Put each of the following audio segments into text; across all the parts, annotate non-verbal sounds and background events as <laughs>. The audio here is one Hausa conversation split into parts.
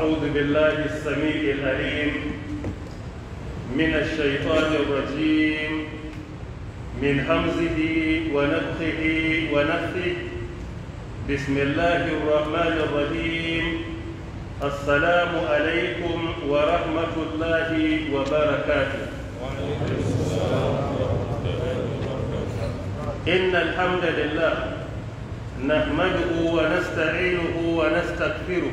أعوذ بالله السميع العليم من الشيطان الرجيم من همزه ونفخه ونفثه بسم الله الرحمن الرحيم السلام عليكم ورحمة الله وبركاته وعليكم السلام ورحمة الله وبركاته إن الحمد لله نحمده ونستعينه ونستغفره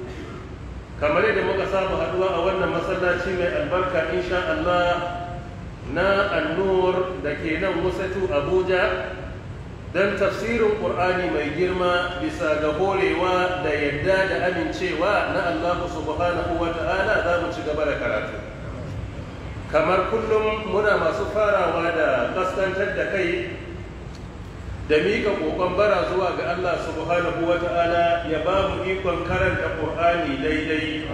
kamar yadda muka saba haduwa a wannan masallaci mai albarka insha Allah na annur da ke nan musatu Abuja don tafsirin ƙur'ani mai girma bisa ga horewa da yadda da amincewa na Allah subhanahu wa ta'ala za mu ci gaba da karatu kamar kullum muna masu farawa da kaskantar da kai da mika kokon bara zuwa ga Allah subhanahu wa ta'ala ya ba mu ikon karanta Qur'ani daidai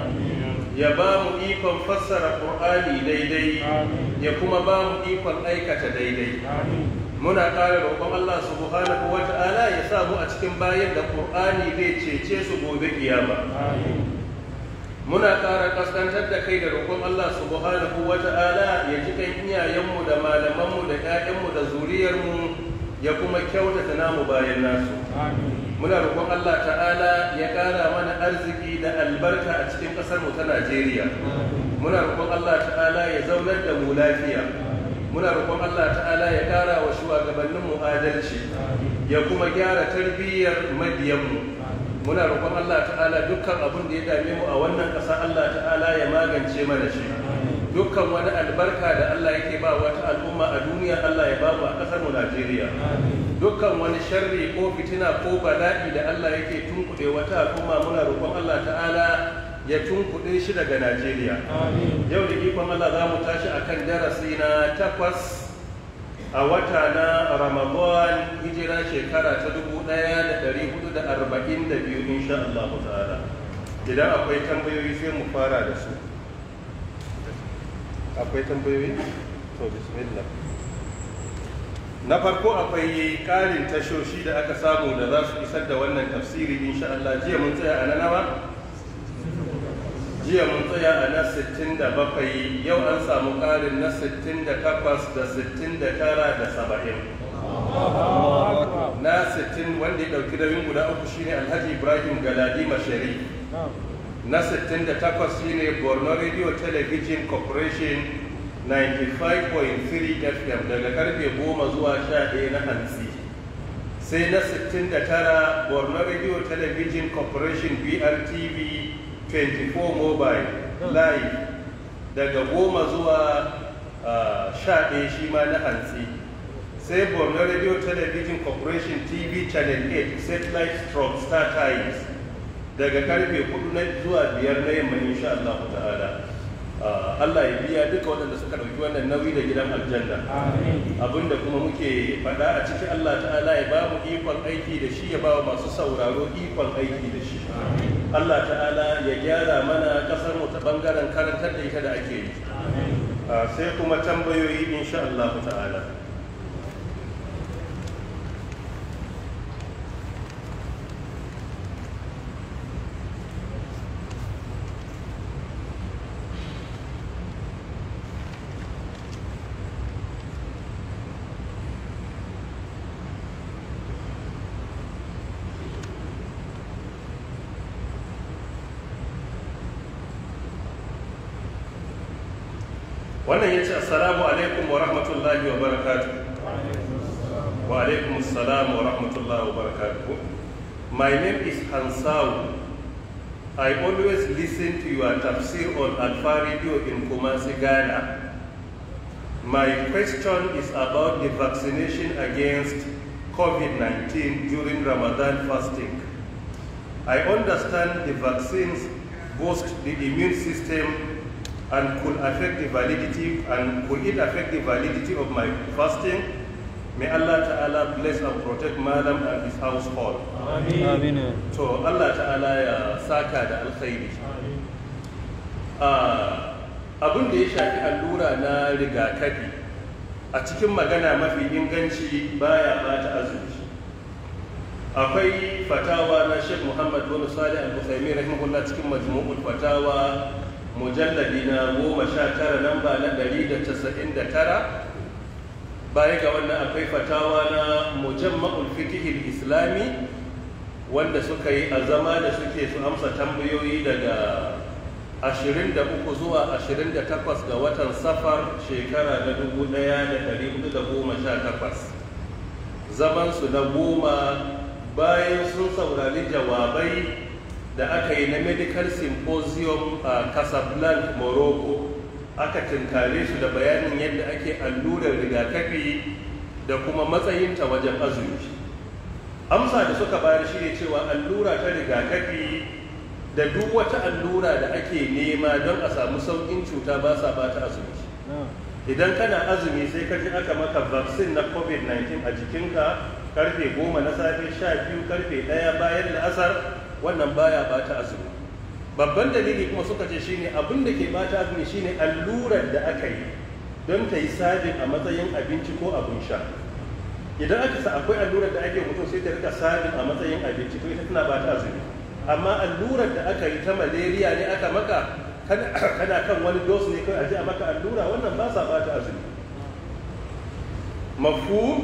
ya ba mu ikon fassara Qur'ani daidai ya kuma ba mu ikon aikata daidai muna ƙara roƙon Allah subhanahu wa ta'ala ya sa mu a cikin bayan da Qur'ani zai cece su gobe kiyama muna ƙara kaskantar da kai da roƙon Allah subhanahu wa ta'ala ya ji kan iyayenmu da malamanmu da 'ya'yanmu da zuriyarmu ya kuma kyautata namu bayan nasu muna roƙon Allah ta'ala ya ƙara mana arziki da albarka a cikin ƙasar mu ta Najeriya muna roƙon Allah ta'ala ya zaunar da mu lafiya muna roƙon Allah ta'ala ya ƙara wa shugabannin mu adalci ya kuma gyara tarbiyyar madiyan mu muna roƙon Allah ta'ala dukkan abin da ya dame mu a wannan ƙasa Allah ta'ala ya magance mana shi dukkan wani albarka da Allah yake ba wata al'umma a duniya Allah ya ba a ƙasar mu Najeriya dukkan wani sharri ko fitina ko bala'i da Allah yake tunkuɗe wata al'umma muna roƙon Allah ta'ala ya tunkuɗe shi daga Najeriya yau da ikon Allah za mu tashi akan darasi na takwas a wata na Ramadan hijira shekara ta dubu ɗaya da ɗari hudu da arba'in da biyu insha Allah ta'ala idan akwai tambayoyi sai mu fara da su akwai tambayoyi to bismillah na farko akwai karin tashoshi da aka samu da za su isar da wannan tafsiri insha Allah jiya mun tsaya a na nawa jiya mun tsaya a na 67 yau an samu karin na 68 da 69 da 70 na 60 wanda ya ɗauki nauyin guda uku shine alhaji ibrahim galadi mashari na 68 shine borno radio television corporation 95.3 fm daga karfe 10 zuwa 11 na hantsi sai na 69 borno radio television corporation brtv 24 mobile live daga 10 zuwa 11 ah, shi ma na hantsi sai borno radio television corporation tv channel 8 satellite stroke star times daga karfe hudu na zuwa biyar na yamma insha Allah ta'ala ah, Allah ya biya duka waɗanda suka ɗauki wannan nauyi da gidan aljanna abinda kuma muke faɗa a ciki Allah ta'ala ya ba mu ikon aiki da shi ya ba masu sauraro ikon aiki da shi Allah ta'ala ya gyara mana ƙasar mu ta bangaren karantar da ita da ake yi ah, sai kuma tambayoyi insha Allah ta'ala wannan ya assalamu alaikum wa rahmatullahi wa barakatuh. wa alaikum assalamu wa rahmatullahi wa barakatuh. my name is Hansau I always listen to your tafsir on Alfa Radio in Kumasi, Ghana. My question is about the vaccination against COVID-19 during Ramadan fasting. I understand the vaccines boost the immune system and could affect the validity and could it affect the validity of my fasting? May Allah Ta'ala bless and protect Madam and his household. Amen. To Allah Ta'ala ya saka da alkhairi. Ah, abun da ya shafi allura na rigakafi a cikin magana mafi inganci baya bata azumi. Akwai fatawa na Sheikh Muhammad bin Salih Al-Busaimi rahimahullah cikin majmu'ul fatawa mujalladi na goma sha tara lamba na ɗari da casa'in da tara baya ga wannan akwai fatawa na mujamma'ul fikihil islami wanda suka yi azama da suke su amsa tambayoyi daga 23 zuwa 28 ga watan safar shekara na 1418 zamansu na goma bayan sun saurari jawabai da aka yi na medical symposium a casablanca morocco aka tunkare su da bayanin yadda ake allurar rigakafi da kuma matsayinta wajen azumi amsa da suka bayar shi ne cewa allura ta rigakafi da duk wata allura da ake nema don a samu sauƙin cuta ba sa ba ta azumi idan kana azumi sai ka ji aka maka vaccine na covid-19 a jikinka karfe goma na safe sha biyu karfe ɗaya bayan la'asar wannan baya bata azumi babban dalili kuma suka ce shine abin da ke bata azumi shine allurar da aka yi don ta yi sajin a matsayin abinci ko abin sha idan aka sa akwai allurar da ake mutum sai ta rika sajin a matsayin abinci to ita tana bata azumi amma allurar da aka yi ta malaria ne aka maka kana <coughs> kan wani dose ne kai aje a maka allura wannan ba sa bata azumi mafu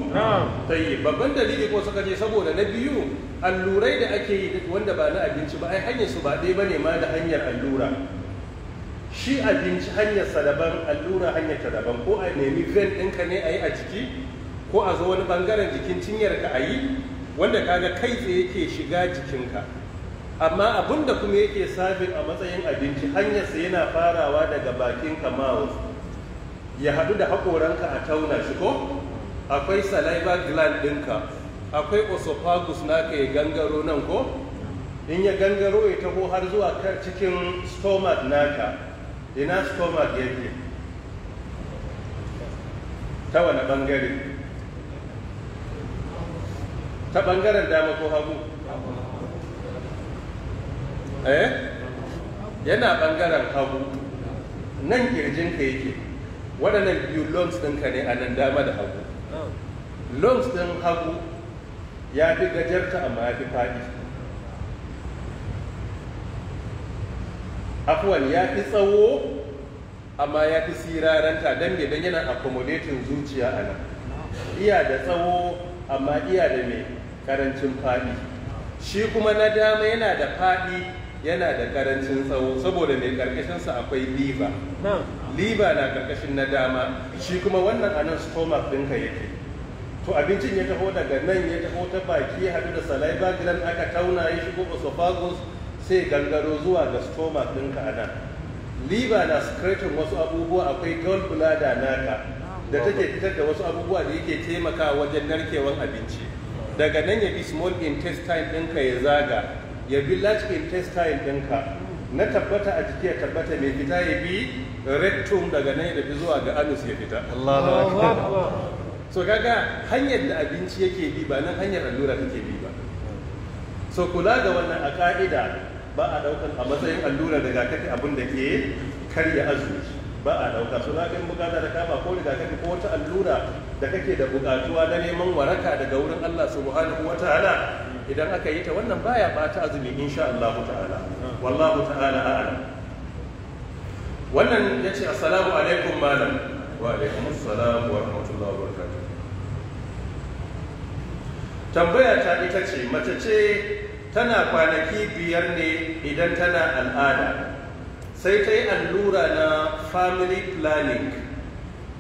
tayyib babban dalili ko suka ce saboda na biyu allurai da ake yi wanda ba na abinci ba ai hanyar su ba ɗaya bane ma da hanyar allura shi abinci hanyar sa daban allura hanyar ta daban ko a nemi vein ɗinka ne a yi a jiki ko a zo wani bangaren jikin cinyar ka a yi wanda kaga kai tsaye yake shiga jikinka amma abun da kuma yake sabin a matsayin abinci hanyar sa yana farawa daga bakin ka ya haɗu da haƙoranka a tauna shi ko akwai saliva gland ɗinka akwai osophagus naka ya gangaro nan ko in ya gangaro ya taho har zuwa cikin stomach naka ina stomach yake ta wani ɓangare ta ɓangaren dama ko hagu eh yana ɓangaren hagu nan kirjinka yake waɗannan biyu lungs ɗinka ne a nan dama da hagu lungs ɗin hagu ya fi gajarta amma ya fi faɗi afuwan ya fi tsawo amma ya fi siraranta don me don yana accommodating zuciya a nan iya da tsawo amma iya da mai karancin faɗi shi kuma na dama yana da faɗi yana da karancin tsawo saboda mai karkashinsa akwai liver liver na karkashin na dama shi kuma wannan anan stomach ɗinka yake to abincin ya taho daga nan ya taho ta baki hadu haɗu da saliva gland aka tauna ya shigo esophagus sai gangaro zuwa ga stomach ɗinka anan liver na secretin wasu abubuwa akwai gallbladder naka da take fitar da wasu abubuwa da yake taimakawa wajen narkewan abinci daga nan ya bi small intestine ɗinka ya zaga ya bi large intestine ɗinka na tabbata a jiki ya tabbata mai fita ya bi rectum daga nan ya bi zuwa ga anus ya fita so kaga hanyar da abinci yake bi ba nan hanyar allura take bi ba so kula ga wannan a ka'ida ba a ɗaukar a matsayin allura daga kake abin da ke karya azumi ba a dauka so za ka yi bukata da kama ko rigakafi ko wata allura da kake da bukatuwa na neman waraka daga wurin Allah subhanahu wataala idan aka yi ta wannan baya ɓata azumi insha Allah ta'ala wallahu ta'ala a'lam wannan yace assalamu alaikum malam wa alaikum assalam wa rahmatullahi wa barakatuh tambaya ta ita ce mace ce tana kwanaki biyar ne idan tana al'ada sai ta yi allura na family planning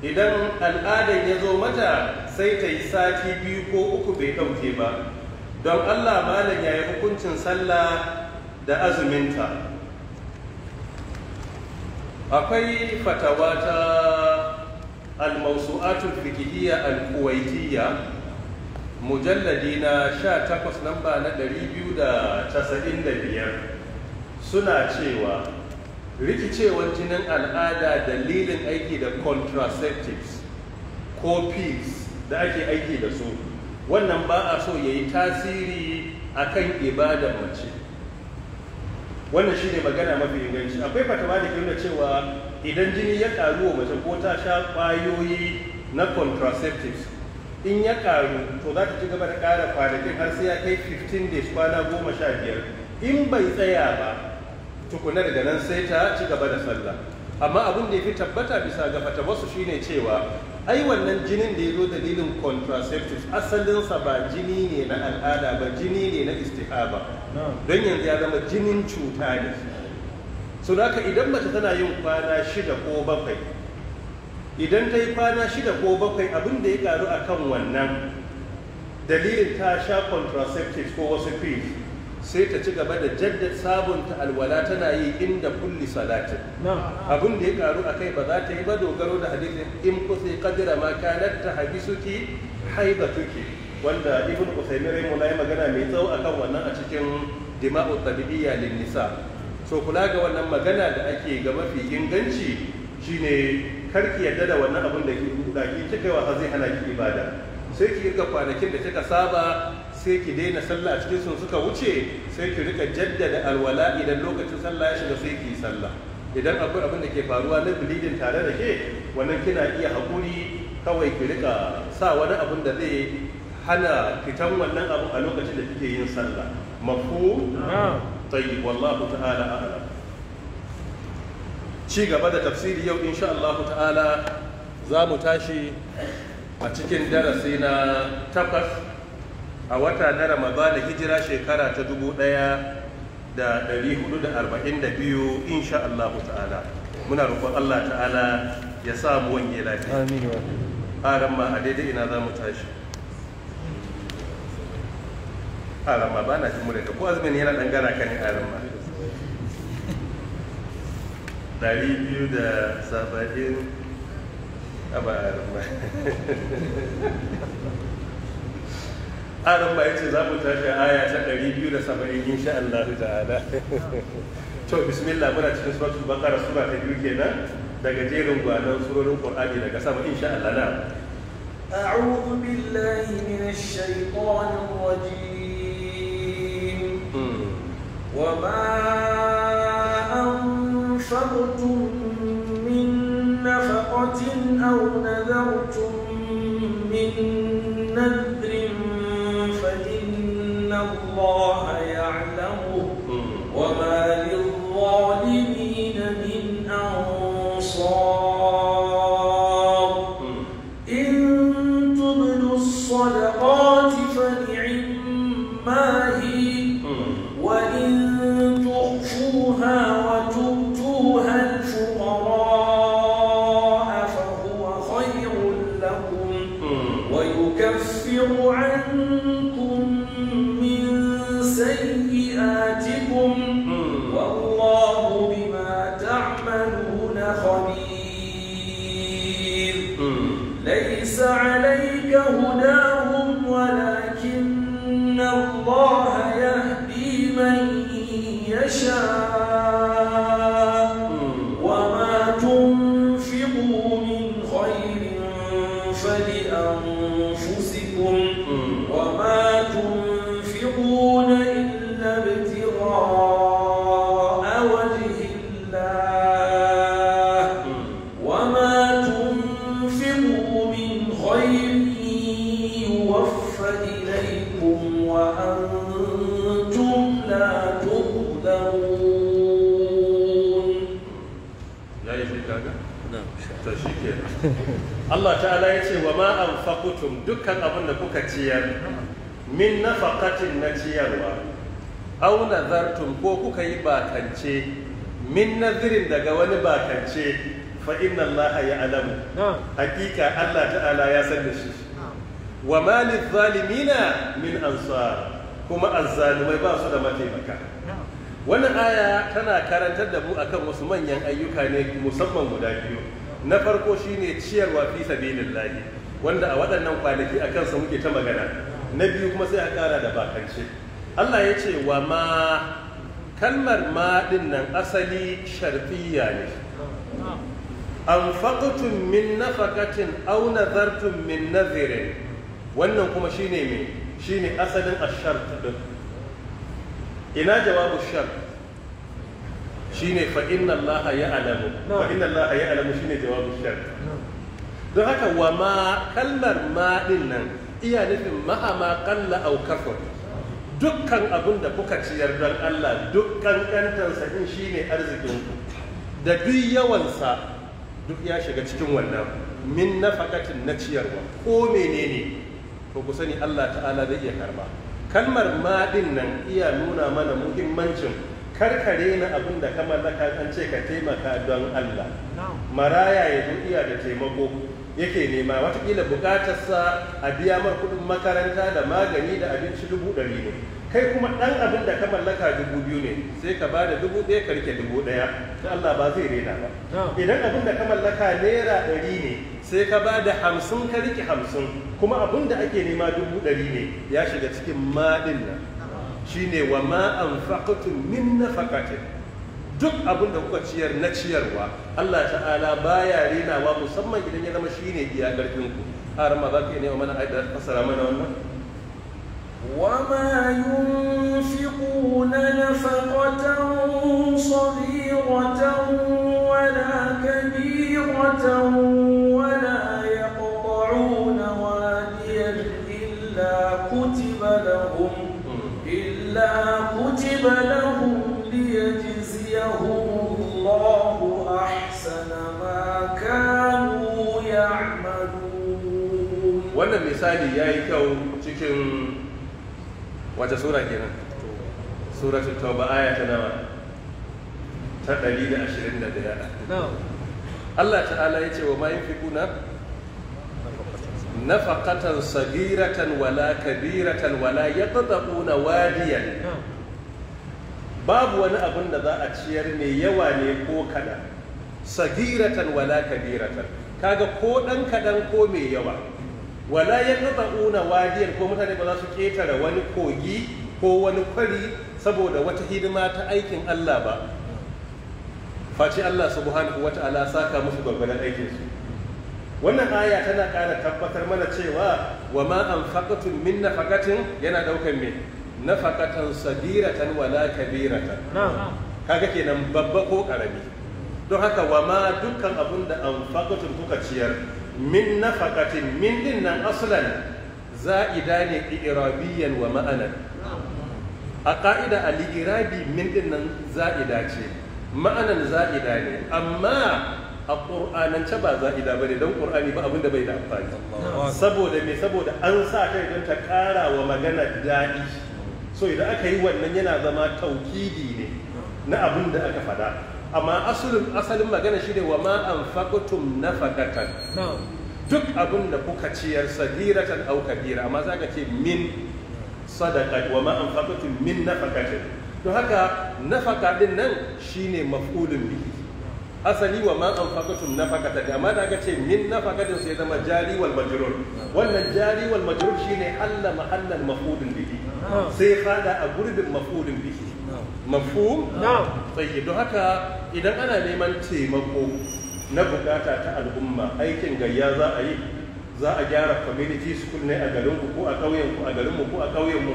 idan al'adar ya zo mata sai ta yi sati biyu ko uku bai ɗauke ba don allah malam ya yi hukuncin sallah da azuminta akwai fatawa ta rikidiya fikihiyya al-kuwaitiyya mujalladi na 18 namba na 295 suna cewa rikicewar jinin al'ada dalilin aiki da contraceptives ko pills da ake aiki da su wannan ba a so ya yi tasiri a kan ibada mace wannan shi ne magana mafi inganci akwai fatawa da kyau cewa idan jini ya karu wa mace ko ta sha kwayoyi na contraceptives in ya karu to za ta ci gaba da kara kwanakin har sai ya kai 15 days kwana goma sha biyar in bai tsaya ba tukuna daga nan sai ta ci gaba da sallah amma abin da ya fi tabbata bisa ga fatawarsu shine cewa ai wannan jinin da ya zo dalilin contraceptives asalinsa ba jini ne na al'ada ba jini ne na istihaba don yanzu ya zama jinin cuta ne so naka idan mace tana yin kwana shida ko bakwai idan ta yi kwana shida ko bakwai abin da ya karu a kan wannan dalilin ta sha contraceptives ko wasu pills sai ta ci gaba da jaddada sabunta alwala tana yi inda kulli salatin abin da ya karu a kai ba za ta yi ba dogaro da hadisin in ku sai kadira ma kanat ta habisuki haibatuki wanda ibn usaimin na yi magana mai tsawo akan wannan a cikin dima'u tabi'iyya lin nisa so kula ga wannan magana da ake ga mafi inganci shine karki yarda da wannan abin da ke da ki kai wa zai hana ki ibada sai ki ga kwanakin da kika saba sai ki daina sallah a cikin sun suka wuce sai ki rika jaddada alwala idan lokacin sallah ya shiga sai ki yi sallah idan akwai abin da ke faruwa na bilidin tare da ke wannan kina iya haƙuri kawai ki rika sa wani abin da zai hana fitan wannan abu a lokacin da kike yin sallah mafu tayyib wallahu ta'ala a'lam ci gaba da tafsiri yau insha Allah ta'ala za mu tashi a cikin darasi na takwas a wata na ramadana hijira shekara ta 1442 insha Allah ta'ala muna roƙon Allah ta'ala ya sa mu wanye lafiya amin wa ma a daidai ina za mu tashi aran ma ba na jin muryarka ko azumin yana dan gara ka ne aran ma dari biyu da saba'in a ba aran ma <laughs> aron ba ce za mu tashi aya ta yin insha Allah ta'ala <laughs> to bismillah muna cikin suratul baqara sura ta biyu kenan daga jerin gwanan surorin qur'ani daga sama insha Allah na أعوذ بالله من الشيطان الرجيم وما أنفقتم من نفقة أو نذرتم من الله يعلمه وما للظالمين من أنصار إن تبدوا الصدقات فنعم ما هي anfaqtum dukkan abin da kuka ciyar min nafaqatin na ciyarwa aw nazartum ko kuka yi bakance min nazirin daga wani bakance fa inna allaha alamu. hakika Allah ta'ala ya san da shi wa ma lizalimina min ansar kuma azzalumai ba su da mataimaka Wani aya tana karantar da mu akan wasu manyan ayyuka ne musamman guda biyu na farko shine ciyarwa fi sabilillahi wanda a waɗannan kwanaki a kansa muke ta magana na biyu kuma sai a ƙara da bakance Allah ya ce wa ma kalmar ma ɗin nan asali sharfiya ne An anfaqtum min nafaqatin aw nazartum min nazirin wannan kuma shi ne shine shi ne asalin a shart din ina jawabu shart shine fa inna Alamu. ya'lamu fa inna Alamu shi ne jawabu shart don haka wa ma kalmar ma din nan iya nufin ma'a ma kalla au dukkan abin da kuka ciyar don Allah dukkan kantarsa in shine arzikinku da duk yawansa duk ya shiga cikin wannan min fakatin na ciyarwa ko menene to ku sani Allah ta'ala zai iya karba kalmar maɗin nan iya nuna mana muhimmancin karkare na abin da ka mallaka an ce ka taimaka don Allah maraya ya zo iya da taimako yake nema watakila bukatar sa a biya mar kudin makaranta da magani da abinci dubu ɗari ne kai kuma ɗan abin da ka mallaka dubu biyu ne sai ka bada dubu ɗaya ka rike dubu ɗaya da Allah ba zai rena ba idan abin da ka mallaka naira ɗari ne sai ka bada hamsin ka rike hamsin kuma abin da ake nema dubu ɗari ne ya shiga cikin maɗin nan shine wa ma anfaqtum min nafaqatin duk abin da kuka ciyar na ciyarwa Allah ta'ala baya renawa musamman idan ya zama shine ne iya ƙarfin ku har ma za ka nema mana aida fasara mana wannan wa ma yunfiquna nafaqatan saghiratan wa la kabiratan wa la yaqta'una wadiyan illa kutiba lahum illa kutiba lahum wannan misali ya yi kyau cikin wata sura kenan suratul tauba aya ta nama, ta 121 Allah ta'ala ya ce wa ma yunfiquna nafaqatan sagiratan wala kabiratan wala ya yaqdaquna wadiyan babu wani abin da za a ciyar mai yawa ne ko kaɗan sagiratan wala kabiratan kaga ko ɗan kaɗan ko mai yawa wala ya taɓa una wadiyar ko mutane ba za su ƙetare wani kogi ko wani kwari saboda wata hidima ta aikin Allah ba face Allah subhanahu wa ta'ala saka musu gwagwaran aikin su wannan aya tana kara tabbatar mana cewa wa ma anfaqatum min nafaqatin yana ɗaukar me nafaqatan sabiratan wala kabiratan kaga kenan babba ko karami don haka wa ma dukkan abin da anfaqatum kuka ciyar min nafaqatin min din nan aslan za'ida ne i'rabiyan wa ma'anan a ka'ida al-i'rabi min din nan za'ida ce ma'anan za'ida ne amma a ƙur'anance ba za'ida bane don ƙur'ani ba abinda bai da amfani saboda me saboda an sa kai don ta ƙara wa magana daɗi so idan aka yi wannan yana zama taukidi ne na abin da aka faɗa amma asalin asalin magana shi ne wa ma an faƙutum na faƙatan duk abin da kuka ciyar sadiratan au kabira amma za ka ce min sadaka wa ma an faƙutum min na faƙatin To haka nafaka din nan shine maf'ulun bihi asali wa ma an faƙatum nafakata da amma da ka ce min nafakatin sai zama jari wal majrur wannan jari wal majrur shine alla mahallan maf'ulun bihi sai hada a gurbin mafulin biki. mafu. tsaye don haka idan ana neman taimako na bukata ta al'umma aikin gayya za a yi za a gyara community school ne a ku ko a ku a mu ko a mu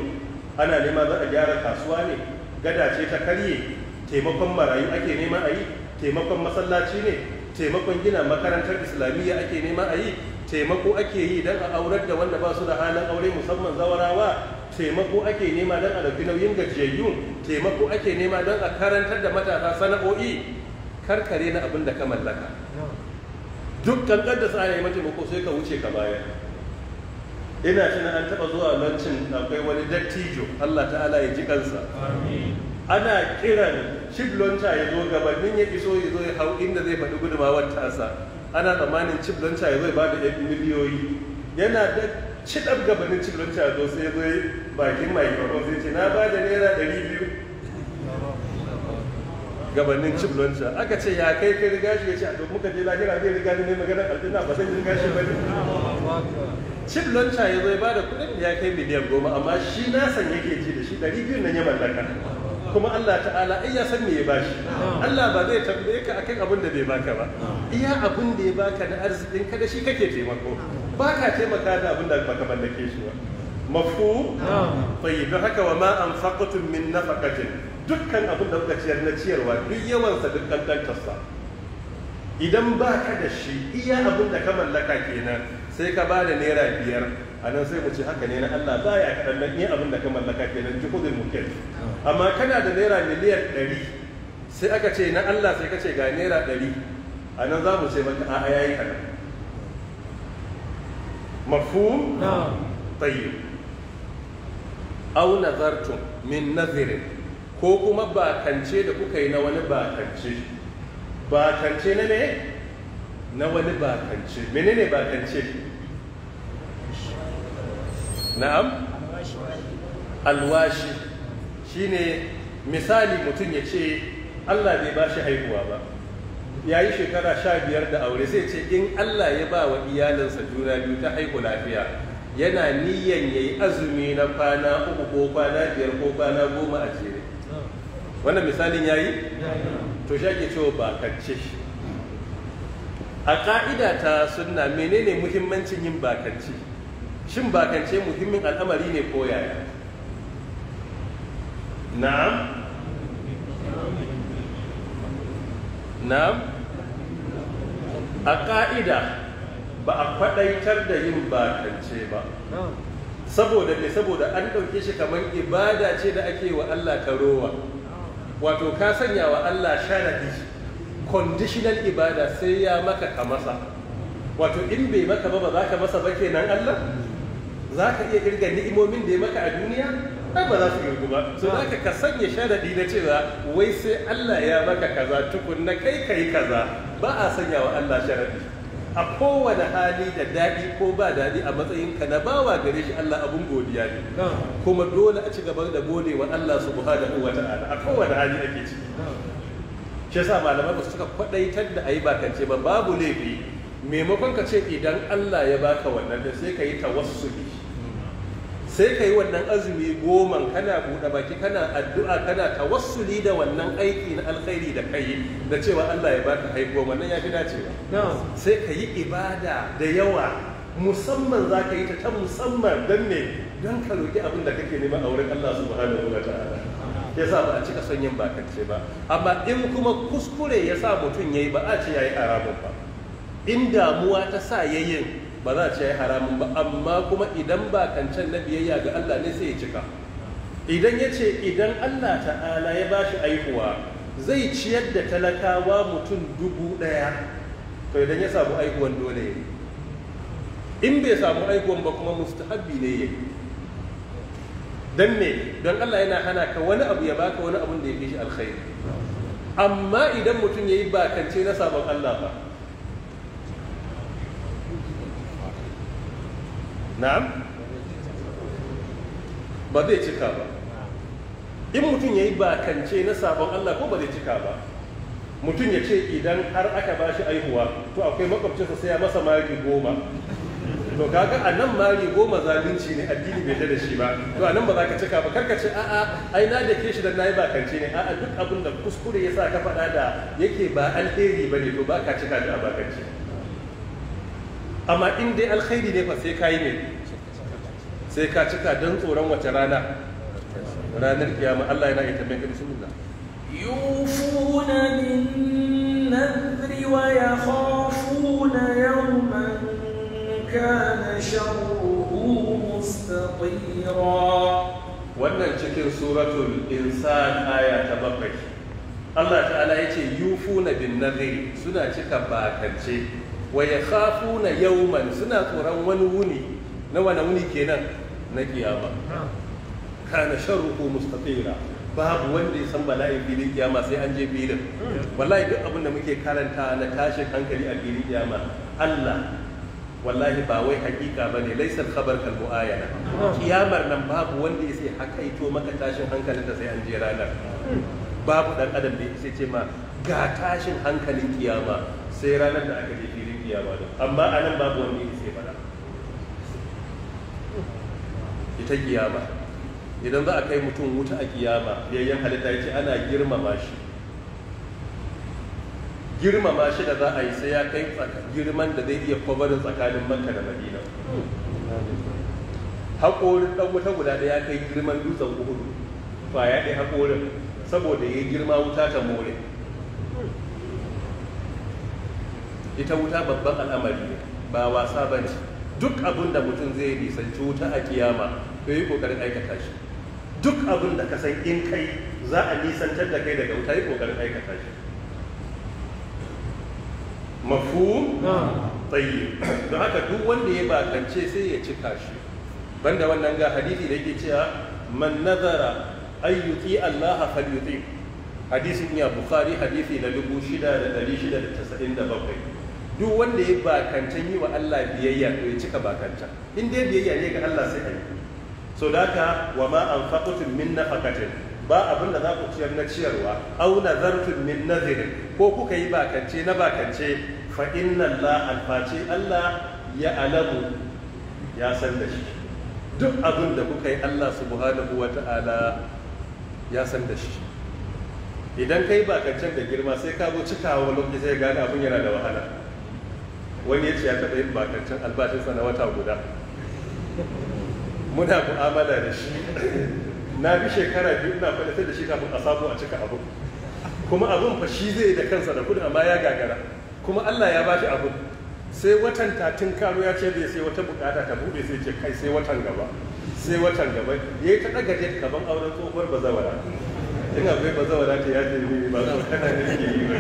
ana nema za a gyara kasuwa ne gada ce ta karye taimakon marayu ake nema a yi taimakon masallaci ne taimakon gina makarantar islamiyya ake nema a yi taimako ake yi don a aurar da wanda ba su da halin aure musamman zawarawa taimako ake nema don a ɗauki nauyin gajiyayyu taimako ake nema don a karantar da matasa sana'o'i karkare na abin da ka mallaka duk kankan da ya yi taimako sai ka wuce ka bayar ina tunan an taɓa zuwa lancin akwai wani dattijo allah ta'ala ya ji kansa ana kiran ciblonta ya zo gabanin ya iso ya zo ya hau inda zai faɗi gudunmawar tasa ana tsammanin ciblonta ya zo ya ba da miliyoyi yana da cidab gabanin ciblonta ya zo sai ya zo bakin microphone zai ce na ba da naira ɗari biyu gabanin cin lunch aka ce ya kai kai riga shi ya ce a don muka je lahira zai riga ne magana aljanna ba zai riga shi ba ne cin lunch ya zo ya ba da kuɗin ya kai miliyan goma amma shi na san yake ji da shi ɗari biyu na ya mallaka kuma Allah ta'ala ai ya san me ya bashi Allah ba zai tambaye ka akan abin da bai baka ba iya abin da ya baka na arzikin ka da shi kake taimako baka taimaka da abin da baka mallake shi ba mafhum ah. tayyib don haka wa ma anfaqtum min nafaqatin dukkan abin da kuka ciyar na ciyarwa duk yawansa duk kankantarsa idan ba ka da shi iya abin da ka mallaka kenan sai ka bada naira biyar a nan sai mu ce haka ne na Allah ba ya kaɗan nan iya abin da ka mallaka kenan jihudin mukel ah. amma kana da naira miliyan ɗari sai aka ce na Allah sai ka ce ga naira ɗari a nan za mu ce maka a yayi kaɗan mafu ah. tayyib au nazartum min nazirin ko kuma bakance da kuka yi na wani bakance bakance na ne na wani bakance ne bakance na'am alwashi shine misali mutum ya ce Allah bai ba shi haihuwa ba ya yi shekara sha biyar da aure zai ce in Allah ya ba wa iyalinsa juna biyu ta haihu lafiya yana niyan ya yi azumi na kwana uku ko kwana biyar ko kwana goma a jere wannan misalin ya yi to shi ake cewa ba kacce a ka'ida ta suna menene muhimmancin yin bakance shin bakance muhimmin al'amari ne ko yaya na'am na'am a ka'ida ba a kwadaitar da yin bakance ba saboda ne saboda an ɗauke shi kamar ibada ce da ake wa Allah ta rowa wato ka sanya wa Allah sharadi conditional ibada sai ya maka ka masa wato in bai maka ba ba za ka masa ba kenan Allah za ka iya kirga ni'imomin da ya maka a duniya ai ba za su girgu ba so za ka sanya sharadi na cewa wai sai Allah ya maka kaza tukun na kai kai kaza ba a sanya wa Allah sharadi a kowane hali da daɗi ko ba daɗi a matsayin ka na bawa gare shi Allah abun godiya ne kuma dole a ci gaba da gode wa Allah subhanahu wa ta'ala a kowane hali ake ciki shi yasa malamai ba suka kwadaitar da ayi bakance ba babu laifi maimakon ka ce idan Allah ya baka wannan da sai ka yi tawassuli sai ka yi wannan azumi goma. kana buɗe baki kana addu'a kana tawassuli da wannan aiki na alkhairi da kai da cewa Allah ya baka haihuwa wannan ya fi dacewa sai ka yi ibada da yawa musamman za ka yi ta ta musamman don ne don ka roƙi abin da kake nema a wurin Allah subhanahu wa ta'ala ya sa ba a cika son yin bakance ba amma in kuma kuskure ya sa mutum ya yi ba a ce ya yi ba in damuwa ta sa yayin ba za a ce haramun ba amma kuma idan ba kancan na biyayya ga Allah ne sai ya cika idan ya ce idan Allah ta'ala ya ba shi aihuwa zai ciyar da talakawa mutum dubu ɗaya to idan ya samu aihuwan dole ya in bai samu aihuwan ba kuma mustahabbi ne ya don me don Allah yana hana ka wani abu ya baka wani abun da ya fi shi alkhairi amma idan mutum ya yi bakance na sabon Allah ba na'am ba zai cika ba in mutum ya yi bakance na sabon Allah ko ba zai cika ba mutum ya ce idan har aka ba shi aihuwa to akwai makwabcinsa sai ya masa mari goma to kaga a nan mari goma zalunci ne addini bai da shi ba to a nan ba za ka cika ba karka ce a'a ai na da ke shi da nayi bakance ne a'a duk abin da kuskure ya sa ka faɗa da yake ba alheri ba ne to ba ka cika da bakance amma in dai alkhairi ne fa sai ka yi mai sai ka cika don tsoron wace rana ranar kiyama Allah yana ita mai bismillah yufuna min nadri wa yakhafuna yawman kana sharruhu mustatira wannan cikin suratul insan aya ta bakwai Allah ta'ala ya ce yufuna bin nadri suna cika bakance Waya wa yakhafuna yawman suna tsoron wani wuni na wani wuni kenan na kiyama kana sharruhu mustatira babu wanda ya san bala'in filin kiyama sai an je filin wallahi duk abin da muke karanta na tashin hankali a filin kiyama Allah wallahi ba wai hakika ba ne laisar khabar kal mu'ayana kiyamar nan babu wanda ya sai ito maka tashin hankalin da sai an je ranar babu dan adam da ya ce ma ga tashin hankalin kiyama sai ranar da aka je filin iya ba amma a nan babu wani ya sai bada ita kiyama idan za a kai mutum wuta a kiyama yayyan halitta ya ce ana girmama shi girmama shi da za a yi sai ya kai girman da zai iya kwabarin tsakanin makka da madina haƙorin ɗan wuta guda da ya kai girman dutsen uhudu ba ya ɗaya haƙorin saboda ya girma wuta ta more ita wuta babban al'amari ne ba wasa ba ne duk abin da mutum zai nisanci wuta a kiyama to yi kokarin aikata shi duk abin da ka san in kai za a nisantar da kai daga wuta yi kokarin aikata shi mafu tsayi don haka duk wanda ya bakance sai ya cika shi banda wannan ga hadisi da yake cewa man nazara ayyuki allaha falyuti hadisin ya bukhari hadisi na bakwai. duk wanda ya bakancan yi wa Allah biyayya to ya cika bakancan in dai biyayya ne ga Allah sai a yi so da ka wa ma anfaqtum min nafaqatin ba abin da za ku ciyar na ciyarwa aw nazartum min nazirin ko kuka yi bakance na bakance fa inna Allah alfaci Allah ya alamu ya san da shi duk abin da kuka yi Allah subhanahu wa ta'ala ya san da shi idan kai bakancan da girma sai ka zo cikawa lokaci sai gane abin yana da wahala wani ya ce ya taɓa yin bakancin albashinsa na wata guda muna mu'amala da shi na bi shekara biyu ina faɗatar da shi kafin a samu a cika abu kuma abin fa shi zai da kansa da kudin amma ya gagara kuma Allah ya bashi abu sai watan tatin karo ya ce zai sai wata bukata ta buɗe sai ce kai sai watan gaba sai watan gaba ya yi ta daga jet kaban auren tsohuwar bazawara in akwai bazawara ta yaje ne ba za mu kana ne ke yi ba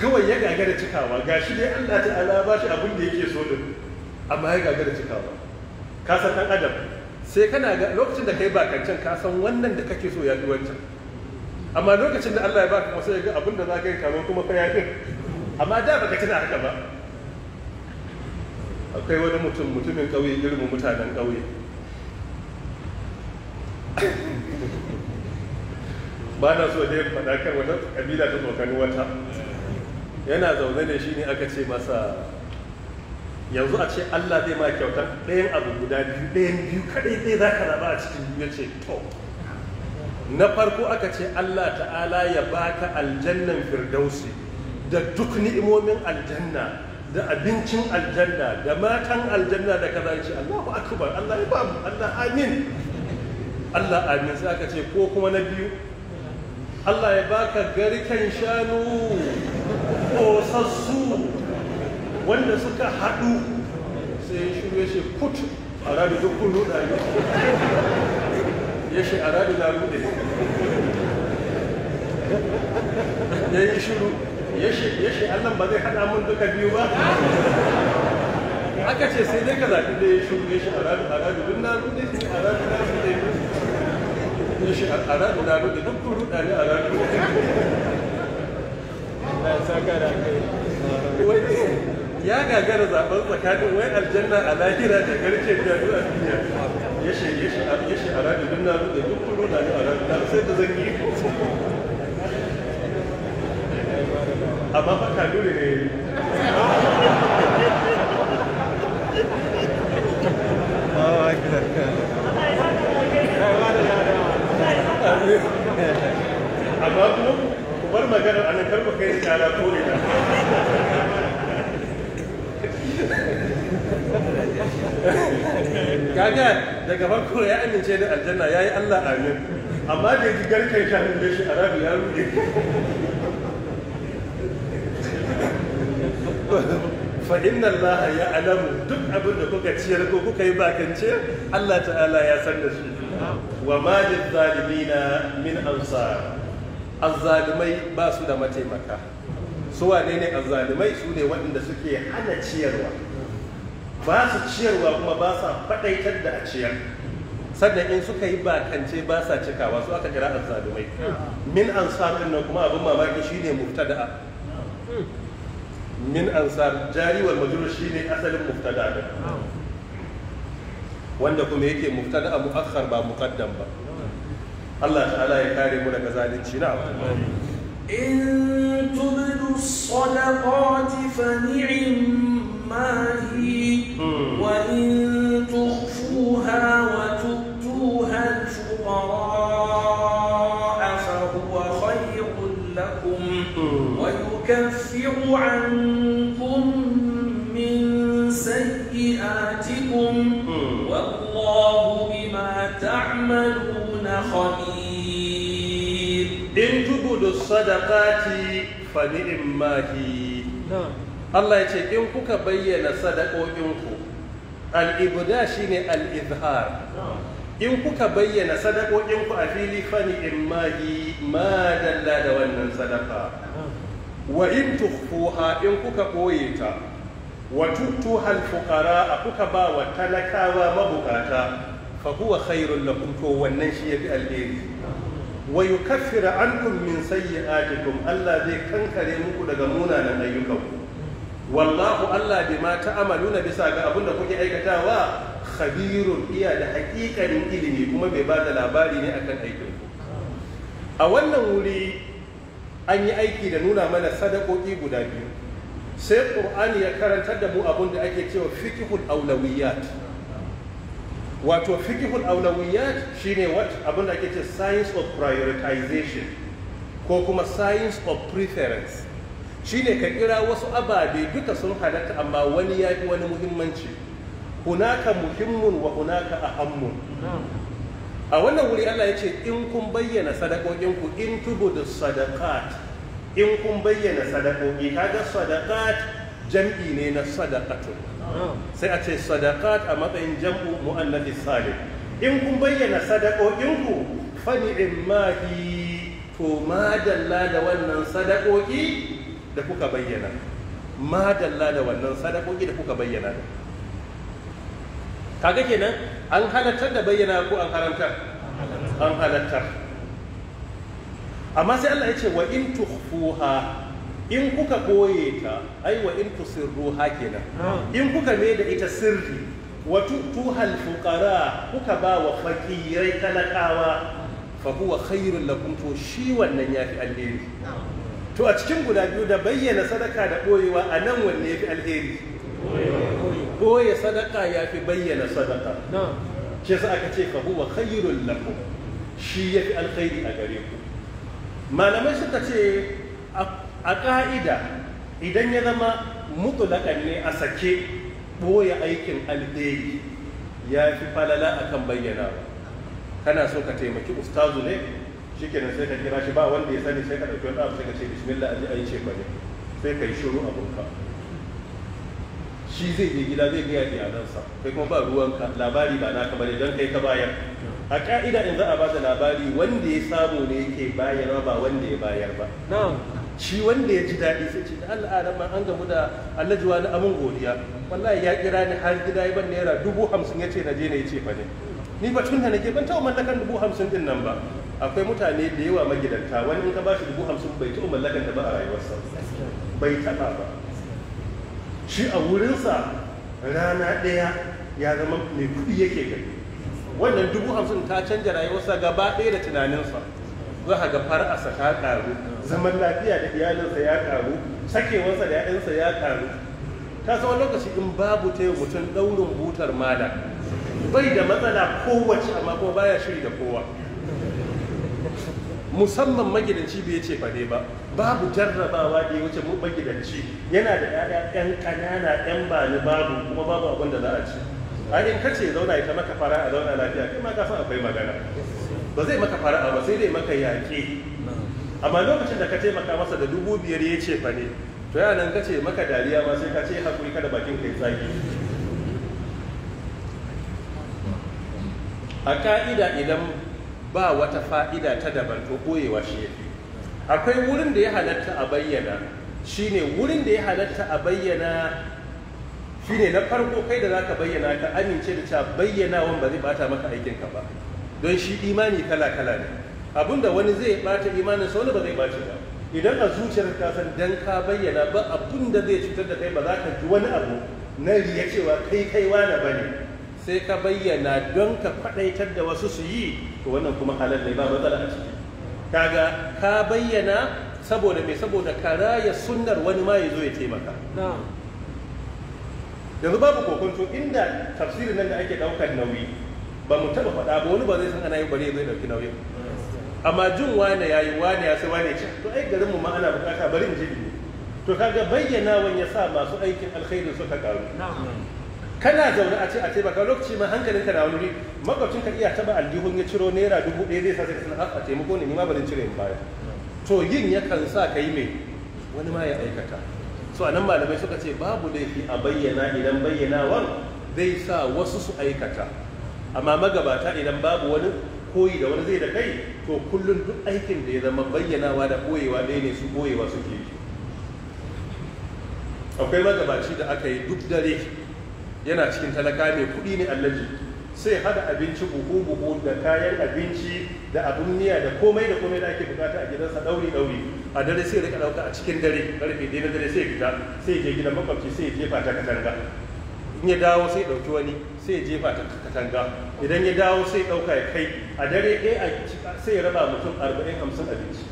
kawai ya da cikawa ga shi dai Allah ta'ala ba shi abin da yake so din amma ya da cikawa ka san dan adam sai kana ga lokacin da kai bakancan ka san wannan da kake so ya fi wancan amma lokacin da Allah ya baka kuma sai ga abin da za ka yi kamar kuma kai ya amma da baka tuna haka ba akwai wani mutum mutumin ƙauye irin mutanen ƙauye ba na so dai faɗa kan wata kabila ta tsokani wata yana zaune ne shi ne aka ce masa yanzu a ce Allah zai ma kyautar ɗayan abu guda biyu ɗayan biyu kaɗai zai za ka raba a cikin biyu ya ce to na farko aka ce Allah ta'ala ya baka aljannan firdausi da duk ni'imomin aljanna da abincin aljanna da matan aljanna da kaza ya ce Allahu akbar Allah ya ba mu Allah amin Allah amin sai aka ce ko kuma na biyu Allah ya baka garken shanu ƙosassu wanda suka haɗu sai ya shirya shi ce kut a rari duk kun ruɗa ya shi a rari da ruɗe ya yi shiru ya shi ya shi allan ba zai haɗa mun duka biyu ba aka ce sai dai ka zaɓi da ya shiru ya ce a rari a radu duk na ruɗe a rari na ruɗe shi a ranar da duk kuru ɗari a ranar da ya saka da kai ya gagara zaɓen tsakanin wai aljanna a lahira da garke da a duniya ya shi ya shi ya shi a ranar duk na duk kuru ɗari a ranar sai da zan yi amma fa kanuri ne batulu ku bar magana a nan karku kai ala kore kaga daga farko ya amince da aljanna yayi Allah amin amma da ji garkai ta hande shi arabi ya rude fa Allah ya alamu duk abin da kuka ciyar ko kuka yi bakance Allah ta'ala ya san da shi wa ma lil zalimina min ansar azzalumai ba su da mataimaka su Wanene ne azzalimai su ne waɗanda suke hana ciyarwa ba su ciyarwa kuma ba sa faɗaitar da a ciyar sannan in suka yi bakance ba sa cikawa su aka kira azzalumai min ansar din nan kuma abin mamaki shine mubtada'a min ansar jariwar wal shi shine asalin mubtada'a wanda kuma yake mubtada'a muakhar ba muqaddam ba الله تعالى يكرم لك ذلك نعم. إن تبدوا الصدقات فنعم ما هي وإن تخفوها وتؤتوها الفقراء فهو خير لكم ويكفر عنكم من سيئاتكم والله بما تعملون خبير tubudu sadakati fa ni'mahi Allah ya ce in kuka bayyana sadaqo'inku al shi shine al-izhar in kuka bayyana sadakokinku a fili fa ni'mahi ma dalla da wannan sadaka. wa in tukhfuha in kuka ɓoye ta wa tutuha fukara a kuka ba wa talakawa mabukata fa huwa khairul lakum to wannan shi fi alheri wa yukaffira ankum min sayyi'atikum Allah zai kankare muku daga munanan ayyukaku. wallahu Allah bima ta'maluna bisa ga abin da kuke aikatawa khabirun iya da hakikanin ilimi kuma bai bada labari ne akan aikin ku a wannan wuri an yi aiki da nuna mana sadakoki guda biyu sai Qur'ani ya karantar da mu abin da ake cewa fiqhul awlawiyat wato fikihun aulawiyya shine what abin da ake ce science of prioritization ko kuma science of preference shine ka kira wasu ababe duka sun halatta amma wani ya fi wani muhimmanci hunaka muhimmun wa hunaka ahammun a wannan wuri Allah ya ce in kun bayyana ku in tubu da sadakat in kun bayyana sadakoki kaga sadakat jam'i ne na sadaqatun sai a ce sadaqat a matsayin jam'u mu'annathi salim in kun bayyana in ma fi to ma dalla da wannan sadakoki da kuka bayyana dalla da wannan sadakoki da kuka bayyana kaga kenan an halattar da bayyana ko an haramtar an halattar amma sai Allah ya ce wa in tukhfuha in kuka ɓoye ta in ku in tusirruha kenan ah. in kuka mai da ita sirri wa tuhal fuqara kuka ba wa fakirai talakawa fa huwa khairul lakum to shi wannan yafi alheri to a cikin guda biyu da bayyana sadaka da boyewa a nan wanne yafi alheri boye sadaka yafi bayyana sadaka ah. shi yasa aka ce fa huwa khairul lakum shi yafi alkhairi a gare ku malamai suka ce a ƙa'ida idan ya zama mutulakan ne a sake ɓoye aikin alheri ya fi falala a kan bayyana kana so ka taimaki ustazu ne shi kenan sai ka kira shi ba wanda ya sani sai ka ɗauki wani abu sai ka ce bismillah aji ayi ce bane sai ka yi shiru abunka shi zai je gida zai gaya iyalansa kai kuma ba ruwanka labari ba naka bane don kai ka bayar a ka'ida in za a ba da labari wanda ya samu ne ke bayarwa ba wanda ya bayar ba shi wanda ya ji daɗi sai ce da a ma an gamu da allajuwa na amin godiya wallahi ya kira ni har gida ya ban naira dubu hamsin ya ce na je na ya ce fa ne ni ba tun da nake ban taɓa mallakan dubu hamsin din nan ba akwai mutane da yawa magidanta wani in ka ba shi dubu hamsin bai taɓa mallakan ta ba a rayuwarsa bai taɓa ba shi a wurinsa rana ɗaya ya zama mai kuɗi yake gani wannan dubu hamsin ta canja rayuwarsa gaba ɗaya da tunaninsa za a ga a ta karu. zaman lafiya da iyalinsa ya karu. sakewarsa da 'ya'yansa ya karu. ta zama lokaci in babu ta mutum daurin butar mada. bai da matsala kowace amma kuma baya shiri da kowa musamman magidanci bai ce fade ba babu jarrabawa da ya wuce magidanci yana da yaya yan kanana yan bani babu kuma babu abin da za a ci a in kace zauna ita maka fara a zauna lafiya kai ma ka san akwai magana ba zai maka fara'a ba sai dai maka yaƙi amma lokacin da ka taimaka masa da dubu biyar ya ce fa ne to ya nan ka ce maka dariya ma sai ka ce haƙuri kada bakin kai tsaki a ka'ida idan ba wata fa'ida ta daban to ɓoyewa shi ya fi akwai wurin da ya halatta a bayyana shine wurin da ya halatta a bayyana shine na farko kai da za ka bayyana ka amince da cewa bayyanawan ba zai bata maka aikinka ba don shi imani kala-kala ne abinda wani zai bata imanin sa wani ba zai bace ba idan a zuciyar ka san dan ka bayyana ba abin zai cutar da kai ba za ka ji wani abu na riya cewa kai kai wani bane sai ka bayyana don ka faɗaitar da wasu su yi to wannan kuma halar ne ba matsala a ciki kaga ka bayyana saboda mai saboda ka raya sunnar wani ma ya zo ya taimaka yanzu babu kokonto inda tafsirin nan da ake ɗaukar nauyi ba mu taba faɗa ba wani ba zai san ana yi bare zai dauki nauyin amma jin wane yayi wane ya sai wane ce to ai garin mu ma ana bukata bari in ji ne to kaga bayyana wan ya sa masu aikin alkhairi suka karu kana zaune a ce a ce taimaka lokaci ma ka na wani makwabcin ka iya taba aljihun ya ciro naira dubu ɗaya zai sa sai ka ah, a taimako ne ni ma bari cire in baya to yin yakan sa ka yi mai wani ma ya aikata so anan malamai suka ce babu laifi a bayyana idan bayyanawan zai sa wasu su aikata amma magabata idan babu wani koyi da wani zai da kai to kullum duk aikin da ya zama bayyanawa da koyewa ɗaya ne su koyewa suke yi akwai magabaci da aka yi duk dare yana cikin talaka mai kuɗi ne allaji sai hada abinci buhu buhu da kayan abinci da abun miya da komai da komai da ake bukata a gidansa ɗauri ɗauri a dare sai rika ɗauka a cikin dare karfe ɗaya na dare sai fita sai je gidan makwabci sai jefa ta katanga in ya dawo sai ɗauki wani sai ya jefa ta katanga idan ya dawo sai dauka ɗauka ya kai a dare ɗaya sai ya raba mutum arba'in hamsin abinci